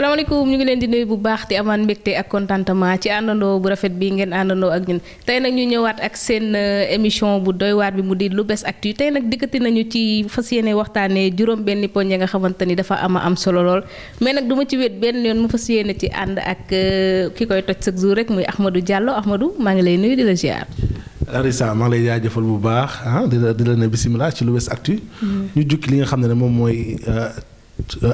salaamaaleykum ñu ngi leen di nuyu bu baax di amaan mbégte ak contentement ci àndandoo bu rafet bii ngeen àndandoo ak ñun tey nag ñu ñëwaat ak seen euh, émission bu doywaat bi mu di lu Lou'Bess Actu tey nag dikkati nañu ci fas yéene waxtaanee juróom benn poñ ya nga xamante ni dafa ama am solo lool mais nag du ma ci wéet benn yoon mu fas yéene ci ànd ak euh, ki koy toj chaque jour rek muy Ahmadou Diallo Ahmadou maa ngi lay nuyu di la ziar. Arissa maa ngi lay jaajëfal bu baax ah di la di bisimilah ci Lou'Bess Actu. Mm-hmm. ñu jukki xam ne moom mooy euh,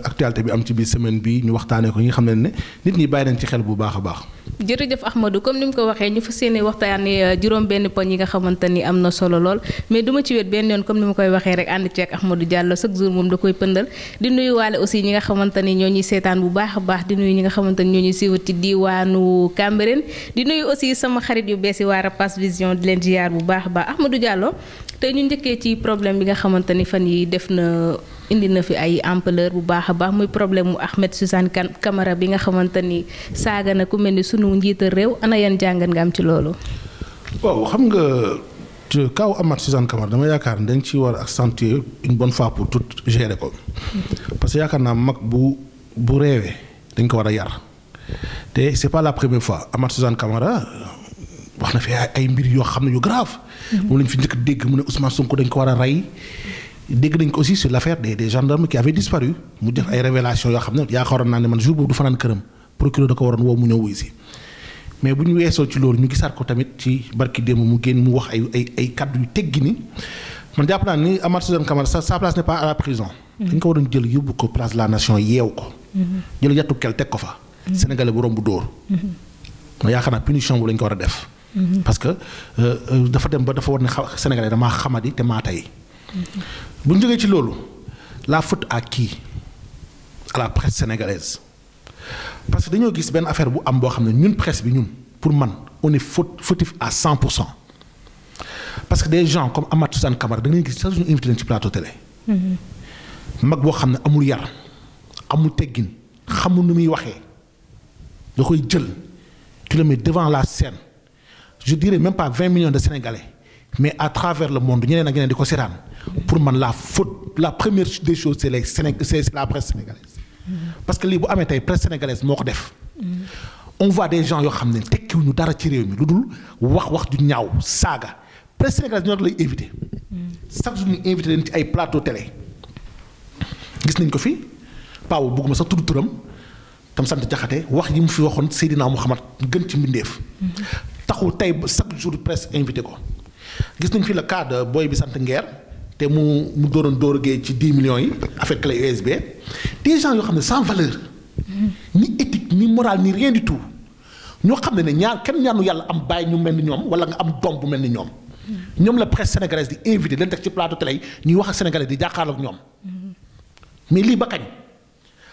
actualité bi am ci biir semaine bi ñu waxtaanee ko ñi nga xam ne ne nit ñi bàyyi nañ ci xel bu baax a baax. jërëjëf Ahmadou comme ni mu ko waxee ñu fas yéene waxtaanee euh, juróom-benn poñ yi nga xamante ni am na solo lool mais du ma ci wet benn yoon comme ni ma koy waxee rek ànd ceeg Ahmadou Diallo chaque jour moom da koy pëndal di nuyuwaale aussi ñi nga xamante ni ñoo ñuy seetaan bu baax a baax di nuyu ñi nga xamante ni ñoo ñuy siiwat ci diwaanu Cambérène di sama xarit yu bees yi waa Rapace Vision di leen ziar bu baax a baax Ahmadou Diallo tey ñu njëkkee ci bi nga xamante ni fan yi def na indi na fi ay ampleur bu baax a baax muy problème mu Ahmed Suzanne kamara bi nga xamante ni saaga na ku mel ni sunu njiital réew ana yan jàngat nga am ci loolu. waaw xam nga kaw Ahmed Suzanne Camara dama yaakaar ne dañ ci war accentuer une bonne fois pour tout gérer ko parce que yaakaar naa mag bu bu réewee dañ ko war a yar te c'est pas la première fois Ahmed Suzanne kamara wax na fi ay mbir yoo xam ne yu grave. Mm-hmm. moom fi njëkk mu ne Ousmane Sonko dañ ko war a rey dégg nañ ko aussi sur l' affaire des des gendarmes disparu mu def ay révélation yoo xam ne yaakaaroon naa ne man jour boobu du fanaan këram procureur da ko waroon woo mu ñëw wuy si mais bu ñu weesoo ci loolu ñu gisaat ko tamit ci barki démb mu génn mu wax ay kàddu yu teggi ni man jàpp naa ni Amath Suzanne Camara sa sa place n'est pas à la prison. Mm-hmm. dañ ko waroon jël yóbbu ko place la nation yeew ko. Mm-hmm. jël yattu kel teg ko fa. Mm-hmm. Sénégalais bu romb dóor. ma yaakaar naa punition bu lañ ko war a bu ñu jógee ci loolu la faute à qui à la presse sénégalaise parce que dañoo gis benn affaire bu am boo xam ne ñun presse bi ñun pour man on est à 100 pour parce que des gens comme Amath Suzanne Camara da ngay gis sax suñu invité leen ci plateau télé. Mm-hmm. mag boo xam ne amul yar amul teggin xamul nu muy waxee da koy jël kilomètre devant la scène je dirais même pas 20 de sénégalais. mais à travers le monde ñeneen ak ñeneen di ko seetaan pour man la faute la première des choses c'est les Sénégal c'est la presse sénégalaise. parce que lii bu amee tey presse sénégalaise moo ko def. on voit des gens yoo xam ne tekkiwuñu dara ci réew mi lu dul wax wax ju ñaaw saaga presse sénégalaise ñoo lay invité. chaque jour ñu invité leen ci ay plateau télé. gis nañ ko fi Pao bëgguma sax tudd turam tam sant jaxate wax yi mu fi waxoon Seydina Mouhamad gën ci mbindeef. taxul tey chaque jour presse invité ko. gis nañ fi le cas de booy bi sant Nguer te mu mu dooroon dóoragee ci 10 millions yi affaire clé USB des gens yoo xam ne sans valeur mm-hmm. ni éthique ni morale ni rien du tout ñoo xam ne ne ñaar kenn ñaanu yàlla am bàyyi ñu mel ni ñoom wala nga am doom bu mel ni ñoom. Mm-hmm. ñoom la presse sénégalaise di invité leen teg ci plateau télé yi ñuy wax ak sénégalais di jàkkaarloog ñoom. Mm-hmm. mais lii ba kañ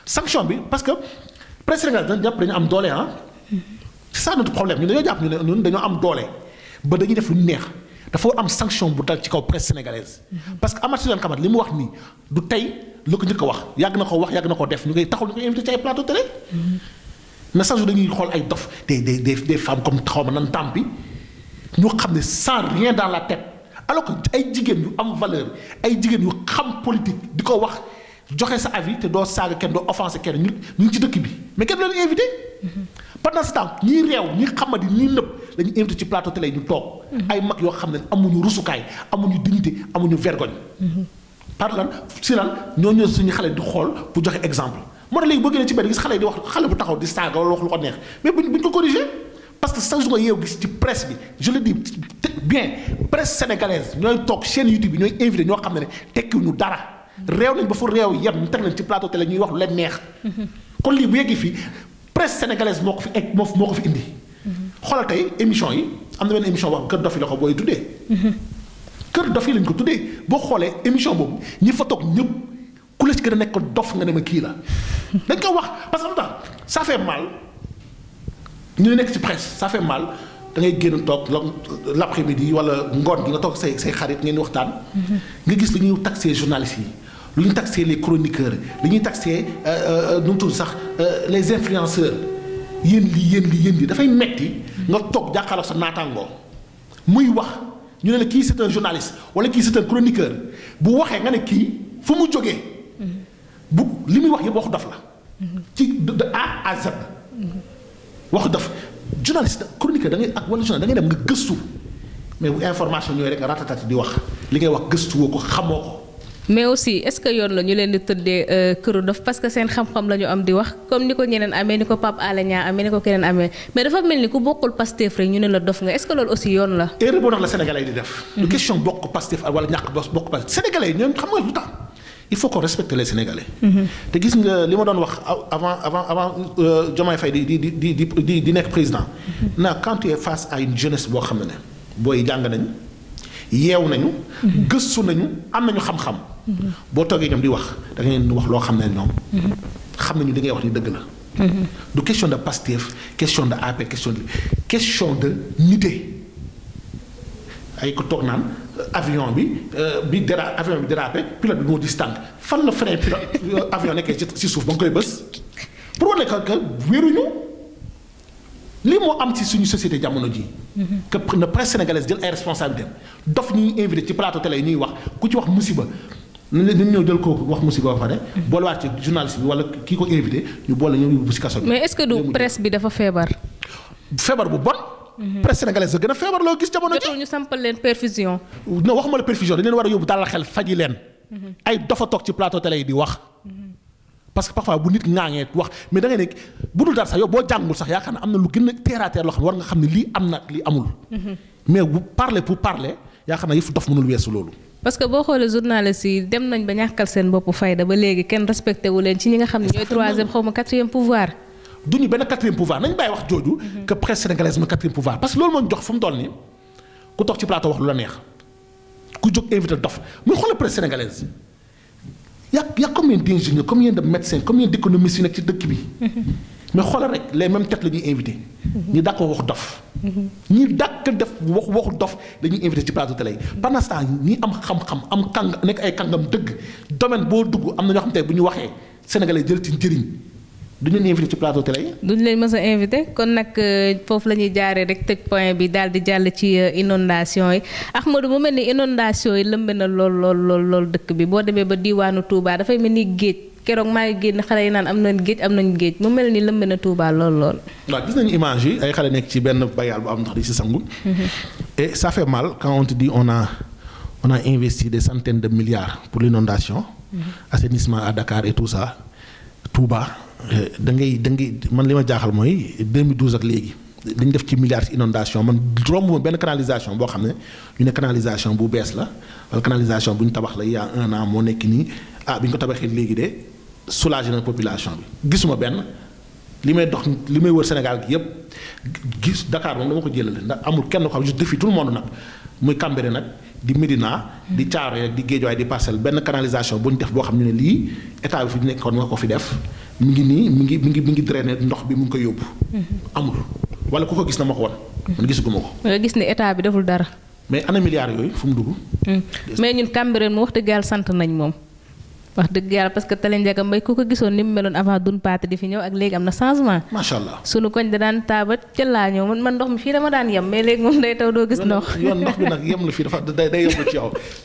sanction bi parce que presse sénégalaise dañu jàpp dañu am doole ah. c'est ça notre problème ñun dañoo jàpp ñu doole ba dañuy def lu neex. dafa war am sanction bu dal ci kaw presse sénégalaise. parce que Amath Suzanne li mu wax nii du tey lu ko njëkk wax yàgg na ko wax yàgg na ko def ñu koy taxul ñu koy invité ci ay plateau télé. na sax dañuy xool ay dof des des des des femmes comme xaw ma nan tàmpi ñu xam ne sans rien dans la tête alors que ay jigéen yu am valeur ay jigéen yu xam politique di ko wax joxe sa avis te doo saaga kenn doo offensé kenn ñu ñu ngi ci dëkk bi mais kenn du leen invité. Mm-hmm. pendant ce temps ñii réew ñii xamadi ñii nëpp. dañu invité ci plateau télé ñu toog. ay mag yoo xam ne amuñu rusukaay amuñu dignité amuñu vergogne. par lan si lan ñooñu suñu xale di xool pour joxee exemple moo tax léegi boo génnee ci benn gis xale bu taxaw di saaga wala wax lu ko neex mais buñ buñ ko corrigé. parce que saa su nga yeew gis ci presse bi je le dis bien presse sénégalaise ñooy toog chaîne YouTube bi ñooy invité ñoo xam ne ne tekkiwuñu dara. réew nañ ba fu réew yem ñu teg nañ ci plateau télé ñuy wax lu leen neex. Mm-hmm. kon lii bu yeggee fii presse sénégalaise moo ko fi moo ko fi indi. xoolal tey émission yi am na benn émission wax kër dof yi la ko booy tuddee. kër dof yi lañ ko tuddee boo xoolee émission boobu ñi fa toog ñëpp ku la ci gën a nekk dof nga ne ma kii la. dañ que am tax ñu nekk ci presse ça fait mal da ngay génn toog l' euh, après midi wala ngoon gi nga toog say say xarit ngeen di waxtaan. Mm-hmm. nga gis li ñuy taxé journalistes yi. lu ñu taxé les chroniqueurs li ñuy taxé euh, euh, nu mu tudd sax les influenceurs. yéen li yéen li yéen li dafay metti nga toog jàkkaarloog sa naataangoo muy wax ñu ne la kii c'est un journaliste wala kii c'est un chroniqueur bu waxee nga ne kii fu mu jógee bu li muy wax yëpp waxu daf la ci de A à Z waxu daf journaliste chroniqueur da ak wala journaliste da dem nga gëstu mais bu information ñooy rek ratatati di wax li ngay wax gëstu woo ko xamoo ko mais aussi est-ce que yoon la ñu leen di tëddee euh, këru dof parce seen xam-xam la am di wax comme ni ko ñeneen amee ni ko Pape Alé amee ni ko keneen amee mais dafa mel ni ku bokkul Pastef rek ñu ne la dof nga est loolu aussi yoon la. erreur boo tax la Sénégalais di def. du mhm. question bokk Pastef wala ñàkk bokk Pastef Sénégalais xam nga lu tax il faut qu'on respecte les Sénégalais. Mhm. te gis nga li ma doon wax avant avant avant euh, Diomaye Faye di di di di di di nekk président. Mhm. na quand xam-xam. boo toogee ñoom di wax da nga leen wax loo xam ne ñoom. xam nañu li ngay wax ni dëgg la. du question de Pastef question de AP question de question de nité ay ko toog naan euh, avion bi euh, bi déra avion bi dérapé pilote bi moo di fan la frein pilote euh, avion nekkee ci suuf ba nga koy bës pour wane que que wéruñu lii moo am ci suñu société jamono ji que na presse sénégalaise jël ay responsabilités dof ñuy invité ci plateau télé yi ñuy wax ku ci wax musiba. nañ leen ñëw jël kooku wax musiba ba pare. boolewaat ci journaliste bi wala kii ko invité ñu boole ñëw yóbbu si kaso bi. mais est du presse bi dafa feebar. feebar bu bon. Mhm. presse sénégalaise gën a feebar loo gis jamono ji. ñu sampal leen perfusion. non waxuma la perfusion leen war a yóbbu dalal xel faji leen. Mhm. ay dafa toog ci plateau télé yi di wax. Mhm. parce que bu nit ŋaaŋee wax mais da ne bu dul dara sax yow boo jàngul sax yaakaar a a teer xam ne am na lii parce que boo xoolee journaliste yi dem nañ ba ñàkkal seen bopp fayda ba léegi kenn respecté wu leen ci ñi nga xam ne ñooy troisième xaw ma quatrième pouvoir. du ñu benn quatrième pouvoir nañ bàyyi wax jooju. Mhm. que presse sénégalaise ma quatrième pouvoir parce que loolu moo jox fu mu toll nii ku toog ci plateau wax lu la neex ku jóg invité dof muy xoolal presse sénégalaise y' a y' a combien d' ingénieurs combien de médecins combien d' économistes yu nekk ci dëkk bi. Mhm. mais xoolal rek les mêmes têtes la ñuy invité. ñi dàq wax dof. ñi dàq def wax waxu dof dañuy invité ci plateau télé yi. pendant ce temps ñi am xam-xam am kàng nekk ay kàngam dëgg domaine boo dugg am na ñoo xam te bu ñu waxee sénégalais jël ci njëriñ duñu ni invité ci plateau télé yi. duñu leen mës a invité kon nag euh, foofu la ñuy jaaree rek tëj point bi daal di jàll ci euh, inondation yi Ahmadou mu mel ni inondation yi lëmbe na lool lool lool lool dëkk bi boo demee ba diwaanu Touba dafay mel ni géej. keroog maa ngi génn xale yi naan am nañ géej am nañ géej mu mel ni lëmb na Touba lool lool. waaw gis nañu image yi ay xale nekk ci benn bayaal bu am ndox di si sangu. Mm-hmm. et ça fait mal quand on te dit on a on a de milliards pour l'inondation mm-hmm. assainissement à Dakar et tout ça. Touba euh, da ngay da ngay man li ma jaaxal mooy 2012 ak léegi. dañ def ci milliards inondation man romb benn canalisation boo xam ne ñu ne canalisation bu bees la wala canalisation bu ñu tabax la il y a un an moo nekk nii ah bi ñu ko tabaxee léegi de. soulager na population bi gisuma benn li may dox li may wër Sénégal gi yëpp gis Dakar moom dama ko jëlale ndax amul kenn ko xam je défie tout le monde nag muy Cambérène nag di Médina di Thiaroye di Guédiawaye di Parcelles benn canalisation bu ñu def boo xam ne lii état bi fi nekkoon ma ko fi def mu ngi nii mi ngi mi ngi mi ngi drainer ndox bi mu ngi ko yóbbu. Mhm. amul wala ku ko gis na ma ko wan. Mhm. man gisuguma ko. nga gis ne état bi deful dara. mais ana milliards yooy fu mu dugg. Mhm. mais ñun Cambérène mu wax dëgg yàlla sant nañ moom. wax dëgg yàlla parce que Talla Ndiaga Mbaye ku ko gisoon ni mu meloon avant dun paate di fi ñëw ak léegi am na changement. macha allah sunu koñ da daan taaba ca laa ñëw man ndox mi fii dama daan yem mais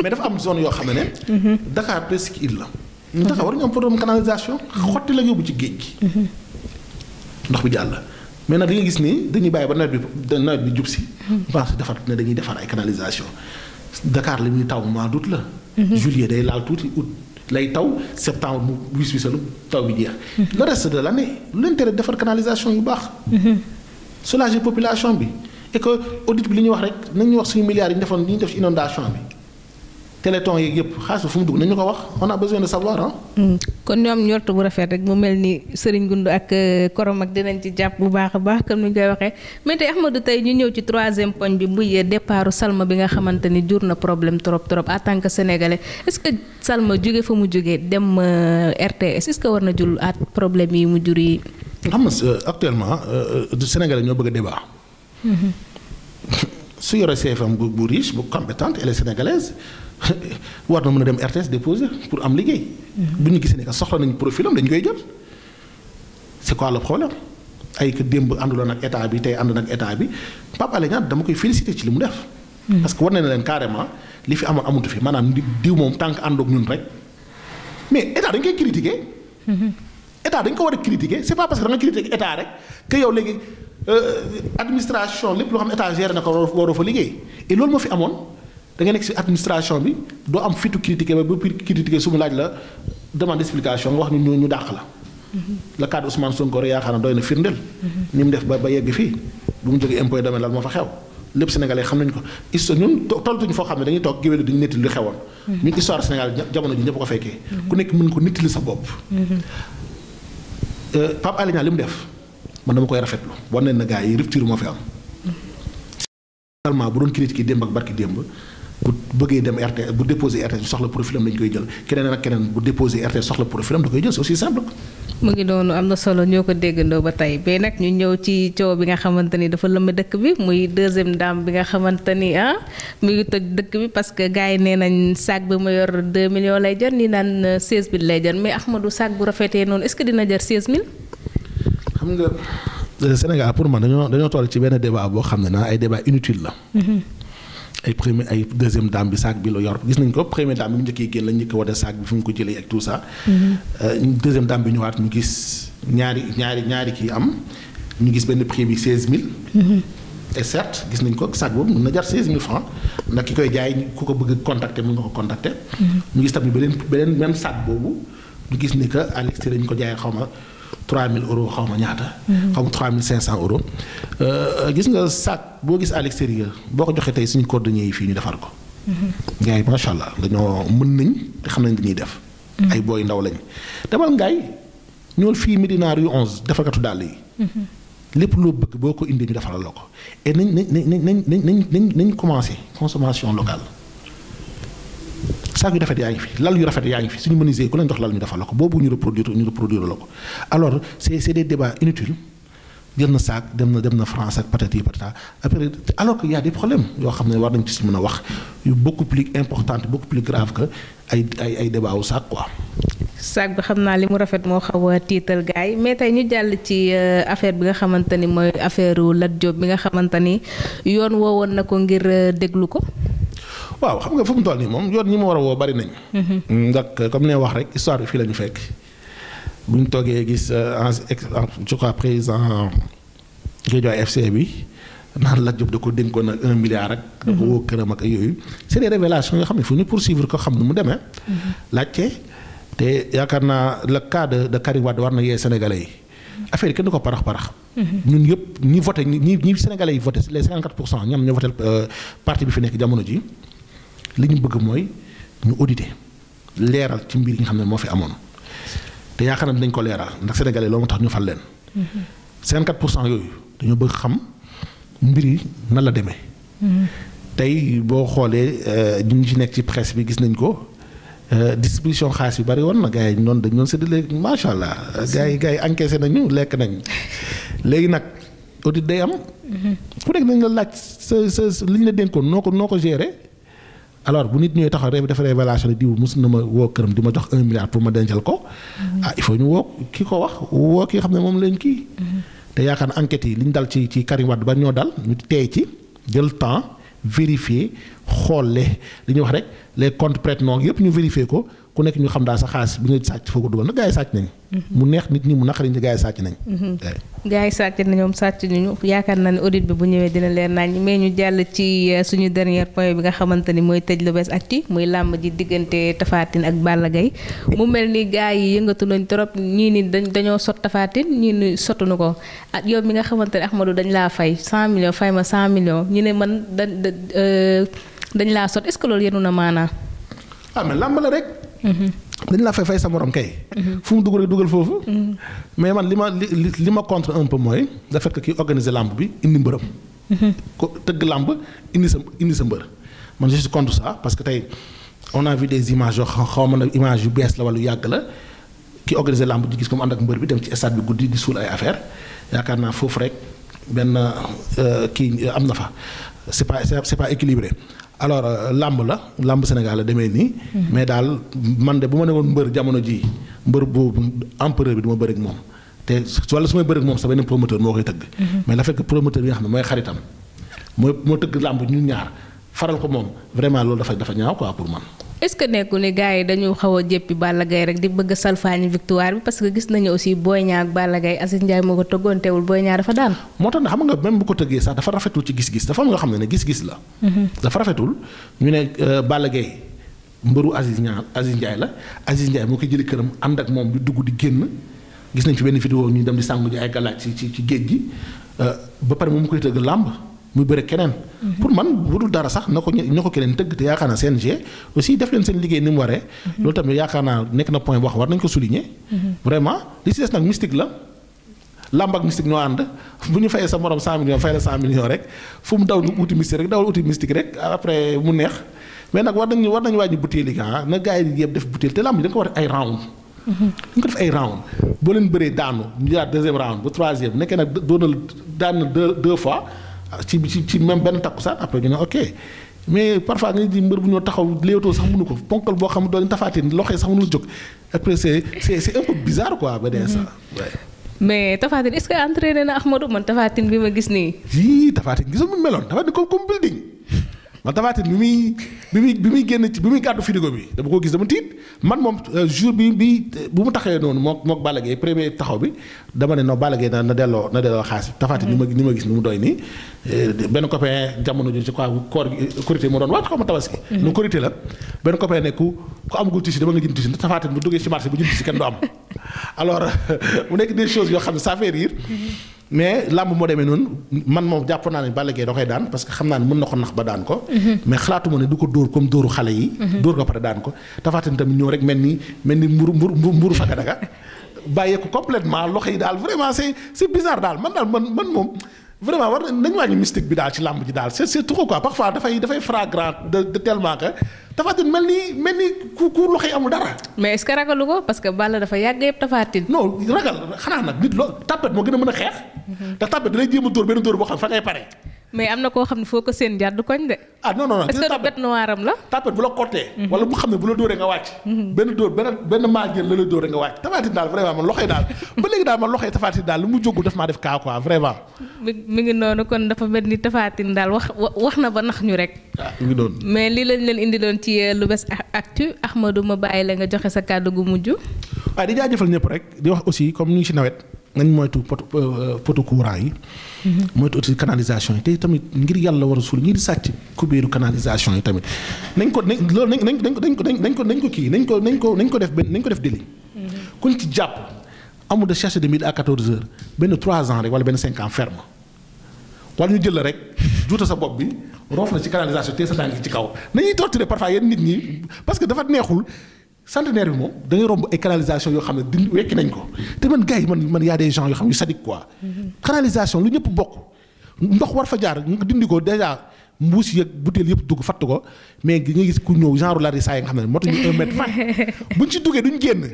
dafa am zone yoo xam ne. Mhm. Dakar presque île la. Mhm. ndox bi jàll. mais nag li nga gis nii dañuy bàyyi ba nawet bi nawet bi jub si. Mhm. defar ne dañuy defar ay canalisation Dakar li muy taw mois d'août la. juillet day laal tuuti août lay taw septembre mu wis wisalu taw bi jeex. le reste la l' année lu leen tere defar canalisation yu baax. soulager population bi et que audit bi li ñuy wax rek nañu wax suñu milliards yi ñu defoon li ñu def ci inondation bi. téléthon yeeg yëpp xaalis fu mu dugg nañu ko wax on a besoin de savoir ah. kon ñoom ñortu bu rafet rek mu mel ni Serigne Goundou ak euh, Korom ak dinañ ci jàpp bu baax a baax comme ni ñu koy waxee mais tey Ahmadou tey ñu ñëw ci troisième poñ bi muy départu Salma bi nga xamante ni jur na problème trop trop en tant que sénégalais est-ce que Salma jóge fa mu jógee dem euh, RTS est-ce que war na jur at problème yi mu jur yi. xam nga euh, actuellement du sénégalais ñoo bëgg a hmm. su yore CFM bu war na mën a dem RTS déposer pour am liggéey. Mm-hmm. bu ñu gisee ne que soxla nañu profilam dañ koy jël c'est quoi le problème ay que démb ànduloon ak état bi tey ànd nag état bi Pape Alé Niang dama koy féliciter ci li mu def. Mm-hmm. parce que war na leen carrément li fi amoon amutu fi maanaam diw moom tant àndoog ñun rek mais état dañ koy critiquer. Mm-hmm. état dañ ko war a critiquer c'est pas parce que da nga critiquer état rek que yow léegi euh, administration lépp loo xam état da nga nekk ci administration bi doo am fitu critiquer ba ba critiquer su mu laaj la demande explication nga wax ni ñu ñu dàq la. Mm-hmm. le cadre Ousmane Sonko rek yaakaar na doy na firndeel. Mm-hmm. ni mu def ba ba yegg fii bu mu jógee impôt demee lan moo fa xew. lépp sénégalais xam nañu ko histoire ñun toltuñu foo xam ne dañuy toog géwél dañu nettali lu xewoon. Mm-hmm. ñun histoire Sénégal jamono ji ñëpp ko fekkee. ku nekk mën ko nettali sa bopp. Euh, Pape Alé Niang li mu def man bu bëggee dem RTS bu déposé RTS soxla profilam lañ koy jël keneen ak keneen bu déposé RTS soxla profilam da koy jël c'est aussi na solo ñoo ko déggandoo ba tey mais nag ñu ñëw ci coow bi nga xamante ni dafa lëmb dëkk bi muy deuxième dame bi nga xamante ni ah mu ngi toj dëkk bi parce que gars yi nee nañ sac bi mu yor 2 millions lay jar nii naan 16 000 lay jar mais Ahmadou sac bu rafetee noonu est-ce que dina jar 16 000. xam nga euh, Sénégal pour man dañoo dañoo toll ci benn débat boo xam ne naa ah, ay débat inutile la. Mm-hmm. ay premier ay deuxième dame bi saak bi la yor gis nañ ko premier dame bi mu njëkkee génn la njëkk wane saak bi fu mu ko jëlee ak tout ça. Mm-hmm. Euh, deuxième dame bi ñëwaat ñu gis ñaari ñaari mm-hmm. boobu ndax ki koy jaay ku ko bëgg contacter mën nga ko contacter. Mm-hmm. ñu gis tamit beneen beneen même boobu ñu gis ni que ñu ko jaayee xaw ma. 3000 euros xaw ma ñaata. xaw ma 3500 euros. Euh, gis nga sac boo gis à l'extérieur boo ko joxee tey suñu cordonnier yi fii ñu defar ko. ngaay macha allah dañoo mën nañ te xam nañ li ñuy def. ay booy ndaw lañ demal ngaay ñool fii Médina rue 11 defarkatu dàll yi. lépp loo bëgg boo ko indee ñu defaral la ko et nañ nañ nañ nañ nañ nañ nañ commencé consommation locale. saag yu rafet yaa ngi fi lal yu rafet yaa ngi fi suñu menuisier ku leen jox lal ñu defal la ko boobu ñu reproduire ñu reproduire la ko alors c'est c'est des débats inutiles jël na saag dem na dem na France ak patati patata après alors que y a des yoo xam ne war nañ ci si mën a wax yu beaucoup plus importante beaucoup plus grave que ay ay ay débat wu saag quoi. bi xam naa li mu rafet moo xaw a tiital gars yi mais tey ñu jàll ci euh, affaire bi nga xamante ni mooy affaire Lat Diop bi nga xamante ni yoon woowoon na ko ngir euh, déglu ko. waaw xam nga fu mu toll nii moom yoon ñi ma war a woo bari nañ mm-hmm. ndax euh, comme ne wax rek histoire bi fii la ñu fekk bu ñu toogee gis euh, en je crois président bi naan la Diop da ko dénkoon ak un milliard rek. da mm-hmm. woo këram ak yooyu. c'est des révélations xam ne fu ñu poursuivre ko mu demee. Mm-hmm. laajte te yaakaar naa le cas de de Karim Wade war na yee sénégalais yi. affaire yi kenn ko parax parax. ñun yëpp ñi voté ñi ñi sénégalais yi voté les 54 pour cent ñoo voté euh, parti bi fi nekk jamono ji li ñu bëgg mooy ñu auditer leeral ci mbir yi nga xam ne moo fi amoon te yaakaar nañ ko leeral ndax sénégalais loolu moo tax ñu fal leen. 54 pour cent yooyu dañoo bëgg xam mbir yi nan la demee. tey boo xoolee euh, ñu ci nekk ci presse bi gis nañ ko. Euh, distribution xaalis bi bari woon na gars yi noonu dañu doon séddale macha allah. gars yi gars yi encaissé nañu lekk nañ léegi nag audit day am. Mm-hmm. ku nekk nañ la laaj sa sa li ñu la dénkoon noo ko noo ko gérer. alors bu nit ñuy taxaw rek def révélation diw mos na ma woo këram di ma jox un milliard pour ma dencal ko. Mhm. ah il faut ñu woo ki ko wax woo ki xam ne moom lañ kii. Mhm. te yaakaar na enquêtes yi li ñu dal ci ci Karim ba ñoo dal ñu teey ci jël temps vérifier xool li ñu wax rek les comptes prête noonu yëpp ñu vérifier ko. ku nekk ñu xam daal sa xaalis bi nga sàcc foo dugal nag gars sàcc nañ mhm. mu neex nit ñi mu naqari ñi gars sàcc nañ mhm. gars sàcc na ñoom sàcc nañu yaakaar naa ne audit bi bu ñëwee dina leer nañ mais ñu jàll ci euh, suñu dernier point bi nga xamante ni mooy tëj lu bees ak ci muy làmb ji diggante Tapha Tine ak Balla Gaye mu mel ni gars yi yëngatu nañ trop ñii ni dañ dañoo sot Tapha Tine ñii ni ko ak yow mi nga xamante ne Ahmadou dañ laa fay 100 millions fay ma 100 ñu ne man dañ euh, dañ laa sot est-ce que loolu yenu Mm-hmm. dañ la fay fay sa morom kay. Mm-hmm. fu mu dugal dugal foofu. Mm-hmm. mais man li ma li ma contre un peu mooy le fait que kii organiser làmb bi indi mbërëm. ko tëgg làmb indi sa indi sa mbër man je contre ça parce que tey on a vu des images yoo xaw ma ne image yu bees la wallu yàgg la ki organiser làmb di gis ko mu ak mbër bi dem ci stade guddi di suul affaire yaakaar naa foofu rek benn euh, kii am na fa c'est pas c'est pas équilibré. alors euh, làmb la làmb Sénégal la demee nii. Mhm. mais daal man de bu ma ne woon mbër jamono ji mbër boobu empereur bi du ma bëri ak moom te wala su may bëri ak moom sa beneen promoteur moo koy tëgg. Mhm. mais la fekk promoteur bi nga xam ne mooy xaritam mooy moo tëgg làmb ñun ñaar faral ko moom vraiment loolu dafa dafa ñaaw quoi pour man. est-ce que nekkul ni gars yi dañu xaw a jéppi Balla Gaye rek di bëgg a salfaañi victoire bi parce que gis nañu aussi Boy Niang ak Balla Gaye Aziz Ndiaye moo ko tëggoon teewul Boy Niang dafa daan. moo tax tëggee sax dafa rafetul ci gis-gis dafa am nga xam ne ne gis-gis la. dafa rafetul ñu ne euh, Balla Gaye mbëru Aziz Niang la Aziz Ndiaye moo koy jëli këram ànd ak moom di dugg di génn gis nañ fi benn vidéo ñu dem di sàngu ji ay galaaj ci ci ci géej gi euh, ba pare moom koy tëgg làmb. muy bëre keneen. Mhm. pour man bu dul dara sax na ko na ko keneen tëgg te yaakaar naa CNG aussi def leen seen liggéey ni mu waree. Mhm. loolu tamit yaakaar naa nekk na point wax war nañ ko souligner. Mhm. vraiment li ci nag mystique la. làmb ak mystique ñoo ànd bu ñu fayee sa morom 100 millions fay la 100 millions rek fu mu daw uti mystique rek dawal uti mystique rek après mu neex mais nag war nañu war nañu wàññi butéel yi na gars yi yëpp def butéel te làmb dañ Ah, ci ci ci même benn takkusaan après ñu ne ok mais parfois nga di mbër bu ñoo taxaw léewtoo sax mënu ko ponkal boo xam ne doon tafaatin loxo yi sax mënul jóg après c'est sa c'est un peu bizarre quoi ba dee sax mhm. mais tafaatin est que entraîné na Ahmadou man tafaatin bi ma gis nii. yii tafaatin gisoo mu meloon tafaatin comme comme man tafaatin bi muy bi muy bi muy génn ci bi muy gàddu frigo bi dama ko gis dama tiit man moom euh, jour bi bi bu mu taxawee noonu mook mook Balla Gaye premier taxaw bi dama ne non Balla Gaye na na delloo na delloo xaalis bi tafaatin ni ma ni ma gis nu mu doy nii euh, benn copain jamono ju ci quoi koor korité mu doon waat xaw ma tabaski lu mhm. korité la benn copain ne ku ku amagul tissu dama nga jënd tissu tafaatin bu duggee ci marché bu jënd tissu kenn du am alors mu nekk des choses yoo xam ne ça fait rire mhm. mais làmb moo demee noonu man moom jàpp naa ne Balla Gaye da koy daan parce que xam naa ne mën na ko nax ba daan ko. Mhm. mais xalaatu ma du ko dóor comme dóoru xale yi. Mhm. dóor ko pare daan ko Tapha tamit ñëw rek mel ni mel ni mburu mburu mburu fakadaga bàyyee ko complètement loxo yi daal vraiment c'est c'est bizarre daal man daal man man moom. vraiment war nañu wàññi mystique bi daal ci làmb ji daal c'est c'est trop quoi parfois dafay dafay flagrant de de Tafatine mel ni mel ni ku ku loxo yi amul dara. mais est ragalu ko parce que Balla dafa yàgg yëpp Tafatine. non ragal xanaa nag nit loo tapet moo gën a mën a xeex. ndax mhm. tapet dalay jéem dóor benn dóor boo xam fa ngay pare. mais am na koo xam ne foo ko seen jàdd koñ de. ah non non non est bu la cortee. Mhm. wala bu xam ne bu la dóoree nga wàcc. Mhm. benn dóor benn benn maageel la la dóoree nga wàcc Tapha Tine daal vraiment man loxoy daal lu mu jógul daf maa def kaa quoi vraiment. ngi noonu kon dafa mel ni Tapha Tine daal wax wax na ba nax ñu rek. Ah, mi mais li lañ leen indi doon ci euh, lu bees actu Ahmadou ma bàyyi la nga joxe sa kàddu gu mujj. waaw di jaajëfal ñëpp rek di wax aussi comme ñu ngi ci nawet nañ moytu poto euh, poto courant yi. Mm-hmm. moytu aussi canalisation yi te tamit ngir yàlla war a suul ñi di sàcc kubéeru canalisation yi tamit nañ ko nañ ko nañ ko kii nañ ko nañ ko def benn nañ mm-hmm. ci jàpp amul de chercher de midi à 14 heures benn 3 ans rek wala benn 5 ans ferme wala ñu jël la rek juuta sa bopp bi roof la ci canalisation te sa tànk ci kaw nañuy torturer parfois yenn nit ñi parce dafa neexul. centenaire bi moom da ngay romb ay canalisation yoo xam ne di wekki nañ ko te man gars yi man man y a des gens yoo xam yu sadique quoi. Mm-hmm. canalisation lu ñëpp bokk ndox war fa jaar dindi ko dèjà mbuus yeeg butéel yëpp dugg fatt ko mais nga gis ku ñëw genre larisa yi nga xam ne motuñu un mètre vingt buñ ci duggee duñ génn.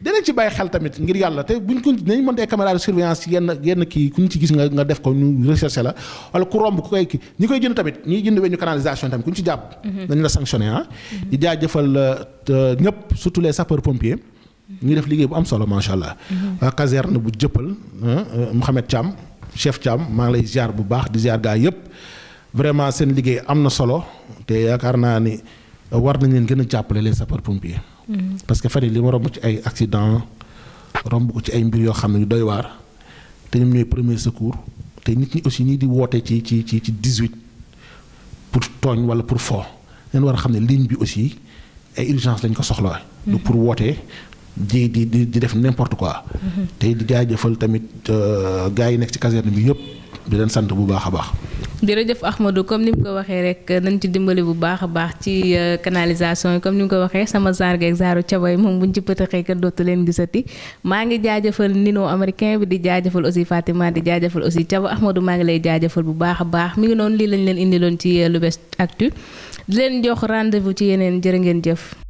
danañ ci bàyyi xel tamit ngir yàlla te buñ ko dinañ mën ay caméra de surveillance yenn yenn kii ku ñu ci gis nga nga def ko ñu recherché la wala ku romb ku koy kii ñi koy jënd tamit ñiy jënd weñu canalisation tamit ku ñu ci jàpp. dañ mm-hmm. la sanctionné ah. Mm-hmm. di jaajëfal euh, ñëpp surtout les sapeurs pompiers. ñu def liggéey bu am solo macha allah. Mm-hmm. waa caserne bu jëppal euh, Mouhamed Thiam chef Thiam maa ngi lay ziar bu baax di ziar gaa yëpp vraiment seen liggéey am na solo te yaakaar naa ni war nañ leen gën a jàppale les sapeurs pompiers. Mm-hmm. parce que fan li ma romb ci ay accident romb ko ci ay mbir yoo xam ne dooy waar te ñoom ñooy premier secours te nit ñi aussi ñii di woote ci ci ci ci 18 pour tooñ wala pour fo ngeen war a xam ne ligne bi aussi ay urgence lañ ko soxla. Mm-hmm. du pour wootee di di di def n'importe quoi. Mm-hmm. tey di jaajëfal tamit euh, gars yi nekk ci caserne bi yëpp di leen sant bu baax a baax. jërëjëf Ahmadou comme ni mu ko waxee rek nañ ci dimbali bu baax baax ci euh, canalisation yi comme ni mu ko waxee sama zaar geeg zaaru cabay moom bu ci pëtëxee kat dootu leen gisati maa ngi jaajëfal nino américain bi di jaajëfal aussi Fatima di jaajëfal aussi Caba Ahmadou maa ngi lay jaajëfal bu baax a baax mi ngi noonu lii lañ leen indiloon ci lu euh, Lou'Bess Actu di leen jox rendez-vous ci yeneen jërë ngeen jëf.